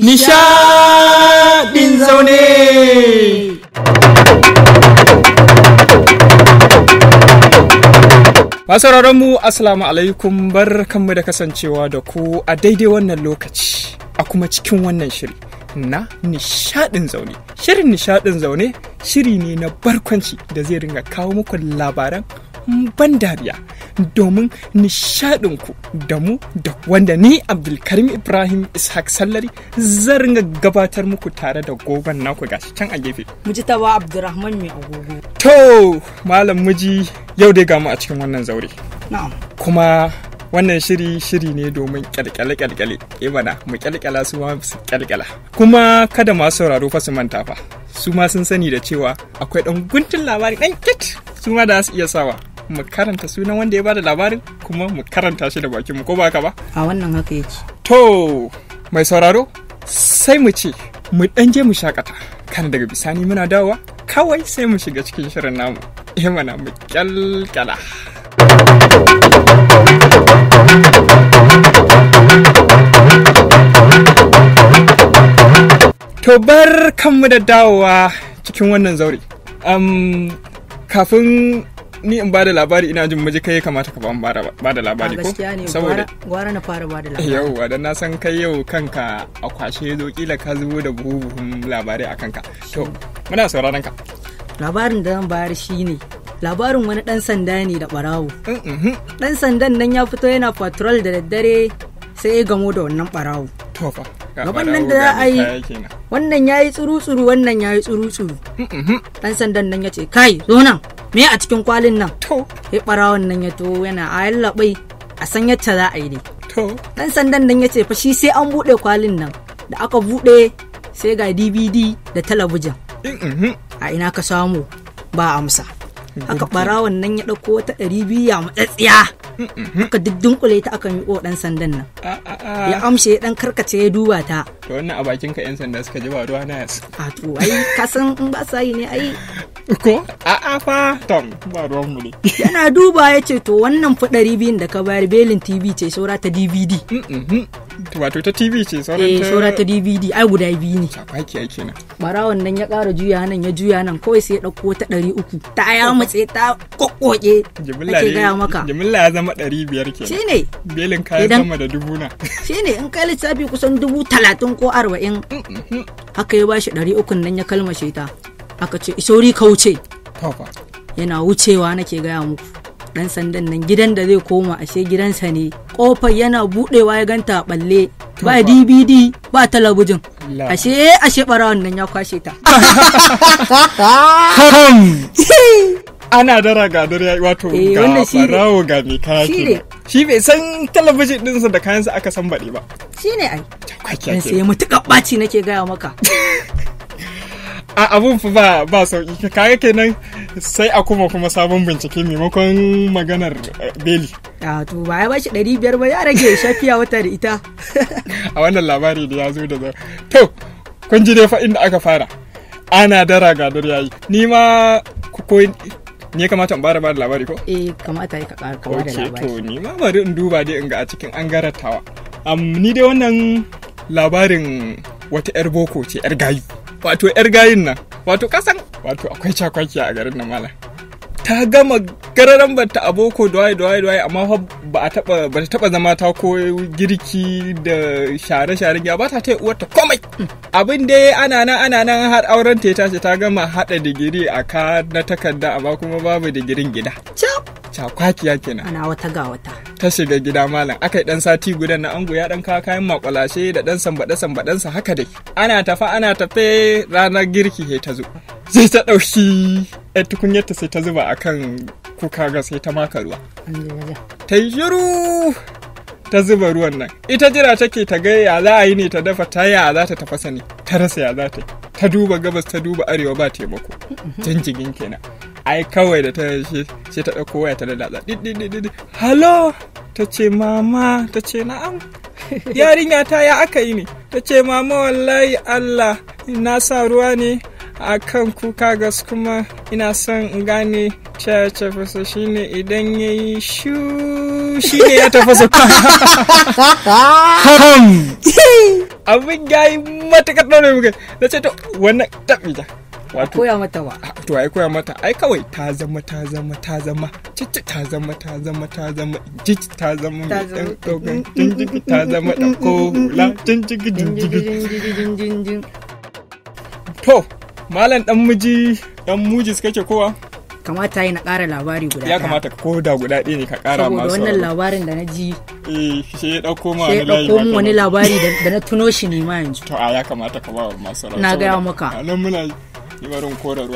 Nishaɗin zaune. mu Assalamu alaikum bar kanmu da kasancewa da ku a daidai wannan lokaci a kuma cikin wannan shiri na nishaɗin zaune. Shirin nishaɗin zaune shiri ne na barkwanci da zai ringa kawo muku labaran ban dariya domin nishadinku da mu da wanda ni abdulkarim ibrahim ishaq sallari zan gabatar muku tare da gogon naku gashi can a gefe muji tawa abdulrahman mai agogo to malam muji yau dai gamu a cikin wannan zaure na'am kuma wannan shiri shiri ne domin kyalkyale kyalkyale e eh mana mu kyalkyala su ma su kyalkyala kuma kada masu sauraro fa su manta fa su ma sun sani da cewa akwai dan guntun labari dan kit su ma da su iya sawa mu karanta sunan wanda ya bada labarin kuma mu karanta shi da bakin mu ko ba haka ba a wannan haka yake to mai sauraro sai mu ce mu dan je mu shakata kana daga bisani muna dawowa kawai sai mu shiga cikin shirin namu eh mana mu kyalkyala To bar kanmu da dawowa cikin wannan zaure. Um, kafin ni in bada labari ina jin maji kai kamata ka ban bada labari ko saboda gwara na fara bada labari yauwa dan na san kai yau kanka a kwashe zo kila ka zubo da buhu buhun labarai a kanka to muna sauraron ka labarin da zan bayar shine labarin wani dan sanda ne da barawo dan mm-hmm. sandan nan ya fito yana patrol da daddare sai ya gamo da wannan barawo gaban nan da za a yi wannan ya yi tsuru-tsuru wannan ya yi tsuru-tsuru dan mm-hmm. sandan nan ya ce kai zo nan me a cikin kwalin nan to ya barawon nan ya to yana a yallaɓai a san yacce za a yi dai to dan sandan nan ya ce fa shi sai an buɗe kwalin nan da aka buɗe sai ga dvd da talabijin a ina ka samu ba amsa haka barawon nan ya ɗauko wata ɗari biya matsatsiya haka duk dunkule ta akan miƙo ɗan sandan nan ya amshe ɗan karkace ya duba ta to wannan a bakin ka yan sanda suka ji ba ruwa na a to ai ka san in ba sa yi ne ai ko a'a fa tom ba ruwan mu ne yana duba ya ce to wannan fa biyun da ka bayar belin tv ce saura ta dvd wato ta tv ce saura eh, ta saura ta dvd ai guda biyu ne sabaki ai kenan bara nan ya ƙara juya nan ya juya nan kawai sai ya dauko ta ɗari uku ta ya matse ta kokoke jimilla ne gaya maka jimilla ya zama ɗari biyar kenan shine belin ka ya zama da dubu na shine in kai lissafi kusan dubu talatin ko arba'in haka ya bashi ɗari ukun nan ya kalmashe ta aka ce isori ka wuce yana wucewa nake gaya muku dan sandan nan gidan da zai koma ashe gidansa ne kofar yana budewa ya ganta balle ba dvd ba talabijin ashe ashe bara nan ya kwashe ta ana dara ga dare wato eh, ga barawo ga mai kaya shi bai san talabijin dinsa da kayansa aka san baɗi ba shi ne ai sai mutuƙar ɓaci nake gaya maka a abun fa ba ka sauki kaga kenan sai a kuma kuma sabon bincike maimakon maganar eh, beli a to ba ya bashi 500 ba ya rage shafiya wata da ita a wannan labari da ya zo da to kun ji dai fa inda aka fara ana dara ga dare yayi ni ma ko ni ya kamata in bara ba da labari ko eh kamata ya ka kama da labari to ni ma bari in duba dai in ga a cikin an garatawa am ni dai wannan labarin wata yar boko ce yar gayu wato yar gayin nan wato kasan wato akwai cakwaki a garin nan malam ta gama gararan bata aboko da waye da waye da waye amma ba a taba ba ta taba zama ta ko girki da share share ya ba ta ta uwar ta komai abin da ana nan ana nan har auren ta tashi ta gama hada digiri a ka na takarda amma kuma babu digirin gida cakwakiya kenan ana wata ga wata ta shiga gida malam aka yi dan sati gudan na ango ya dan kawo kayan makwalashe da dan sambaɗe sambaɗensa haka dai ana tafa ana tafe ranar girki sai ta zo sai ta ɗauki yar tukunyarta sai ta zuba a kan kuka ga sai ta maka ruwa ta yi shiru ta zuba ruwan nan ita jira take ta ga ya za a yi ne ta dafa ta ya za ta tafasa ne ta rasa ya za ta ta duba gabas ta duba arewa ba taimako jan jigin kenan ai kawai da ta shi sai ta ɗauko waya ta lalata ɗiɗɗiɗɗiɗɗi halo ta ce mama ta ce na'am yarinya ta ya aka yi ne ta ce mama wallahi allah na sa ruwa ne a kan kuka gas kuma ina son in gane cece fasa shine idan ya yi shu shine ya tafasa haram abin ya yi matakar ɗaure muka na ce ta wannan taɓi wato koya mata ba to ai koya mata ai kawai ta zama ta zama ta zama cici ta zama ta zama ta zama cici ta zama mai dan dogon jinjigi ta zama da ko la jinjigi jinjigi to malam dan miji dan suka kake kowa kamata yi na ƙara labari guda ya kamata ko da guda ɗaya ne ka ƙara masu saboda wannan labarin da na ji eh shi ya ɗauko ma wani labari ɗauko wani labari da na tuno shi ne ma yanzu to a ya kamata ka ba masu na gaya maka nan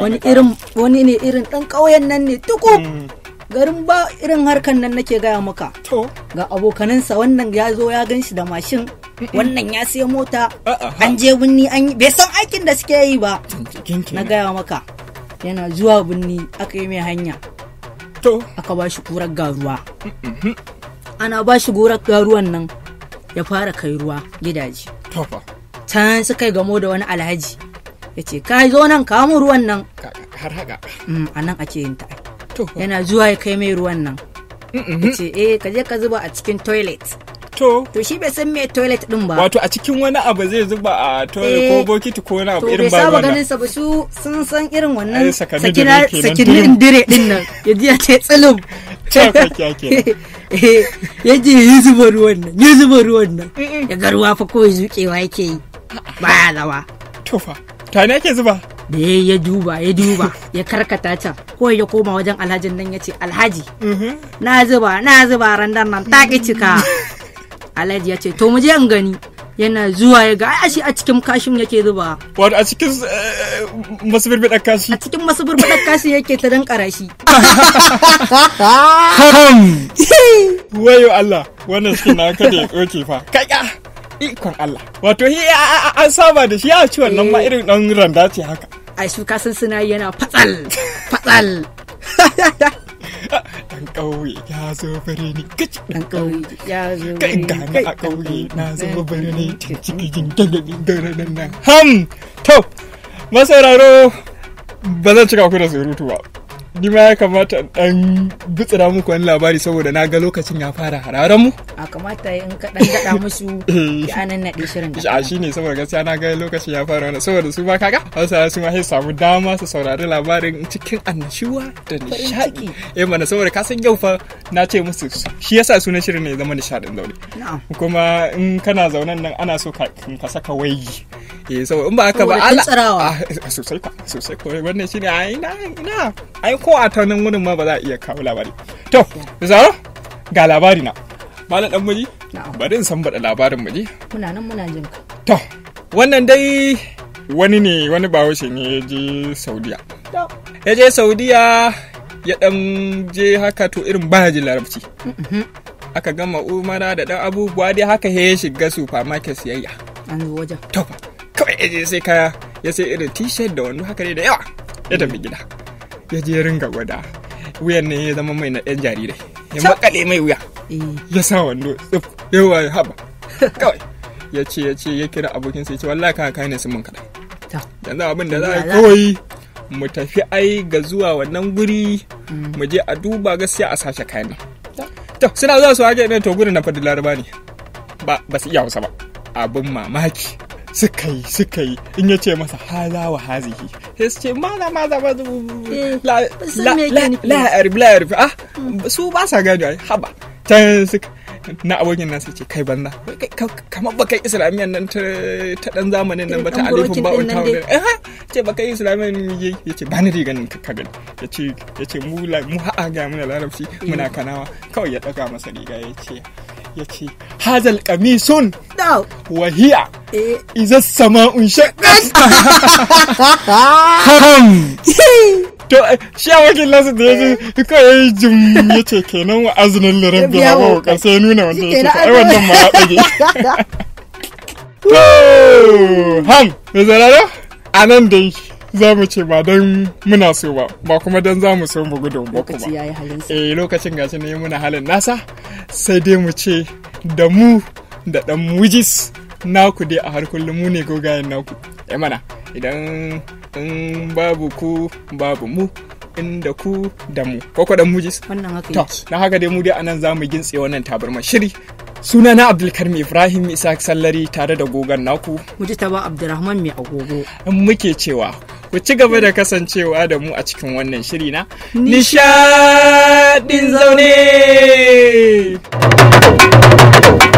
wani irin wani ne irin dan ƙauyen nan ne tuku mm. garin ba irin harkan nan nake gaya maka ga abokaninsa wannan ya zo ya gan shi da mashin wannan ya siya mota an je binni an yi bai san aikin da suke yi ba na gaya maka yana zuwa binni aka yi mai hanya aka ba shi kurar garuwa ana ba shi gorar garuwan nan ya fara kai ruwa gidaje Ta suka yi gamo da wani alhaji ya ce kai zo nan kawo mu ruwan nan har haka mm, a nan ake yin ta yana zuwa ya kai mai ruwan nan ya ce eh ka je ka zuba a cikin toilet To. To shi bai san me toilet din ba. Wato a cikin wani abu zai zuba a toilet ko eh, bokiti ko wani abu irin ba. To bai saba ganin sa ba su sun san irin wannan sakinin dire din nan. Ya ji ya ce tsilum. Eh, ya ji ya zuba ruwan nan, ya zuba ruwan nan. Ya ga fa kawai zuƙewa yake yi. ba lawa. To fa. ta ne zuba ne ya duba ya duba ya karkata can ko ya koma wajen alhajin nan ya ce alhaji mm-hmm. na zuba na zuba randar nan ta ki cika alhaji ya ce to mu je in gani yana zuwa ya ga ashe a cikin kashin yake zuba wato a cikin eh, eh, masu birbiɗar kashi a cikin masu birbiɗar kashi yake ta dan karashi wayo Allah wannan shi na kada ya tsoke fa kaka ah! ikon Allah wato hi an saba da shi ya ci wannan ma eh. irin dan randa ce haka ai su kasan suna yana fatsal fatsal dan ƙauye ya zo ni kici dan ƙauye ya zo ni kai a ƙauye na zo birni cikin dalilin daren nan ham to masauraro ba zan cika ku da surutu ba ni ma ya kamata dan bitsira muku wani labari saboda na ga lokacin ya fara hararen mu a kamata in ka dan gada musu ya eh. nan na shirin da a shine saboda gaskiya na ga lokacin ya fara wannan saboda su ma kaga Hausa su ma sai samu dama su saurari labarin cikin annashuwa da nishadi eh mana saboda ka san yau fa na ce musu shi yasa sunan shirin ne zama nishadin zaune kuma in kana zaunan nan ana so ka saka waigi ke saboda in ba haka ba Allah ah, sosai ka sosai ko wannan shine ai ina ina ai ko a tanan wurin ma ba za a iya kawo labari to zaro ga labari na malam dan miji bari in san bada labarin miji muna nan muna jin ka to wannan dai wani ne wani wuce ne ya je saudiya ya je saudiya ya dan je haka to irin ya ji larabci mm-hmm. aka gama umara da dan abubuwa dai haka ya shiga supermarket siyayya an zo wajen to kawai ya je sai kaya ya sai irin t-shirt da wando haka ne da yawa ya tafi gida ya je ringa gwada wuyan ne ya zama mai na ɗan jarirai ya makale mai wuya eh. ya sa wando yawa haba kawai ya ce ya ce ya kira abokin sai ce wallahi kan ne sun mun kada yanzu abin da za a yi kawai mu tafi ai ga zuwa wannan guri mm. mu je a duba gaskiya a sashe kayan nan to suna zuwa su haka ne to gurin na fadi laraba ne ba ba su iya hausa ba abin mamaki suka yi suka yi in ya ce masa haza wa hazihi sai su ce maza maza eh, ba la'arif la'arif ah hmm. su ba sa gani ai haba can suka na abokin nasu ce kai banza kamar kai islamiyan nan ta dan zamanin nan ba ta alifin ba wata wani eh, ce ba kai islamiyan ya ya ce ba ni riga nan ka gani ya ce mu ha'a ga muna larabci muna hmm. kanawa kawai ya daga masa riga ya ce ya ce hazal kamisun wahiya eh. iza sama'un shakas haram to shi a wakil nasu da ya ji yi jim ya ce kenan wa azinin lirin ba wa wakar sai nuna wanda ya ce ai wannan ma ya ɗage ham da zarara a nan dai za mu ce ba don muna so ba ba kuma don za mu so mu gudun ba kuma eh, lokacin gashi ne muna halin nasa sai dai mu ce da mu da dan mujis naku dai a harkar mu ne gogayen naku ya eh mana idan in babu ku babu mu inda ku da mu ko dan mujis wannan haka to na haka dai mu dai anan mu gintse wannan tabarma shiri Suna na abdulkarim ibrahim isa sallari tare da gogon naku taba abdulrahman mai agogo in muke cewa ku ci gaba da kasancewa da mu a cikin wannan shiri na nishadin zaune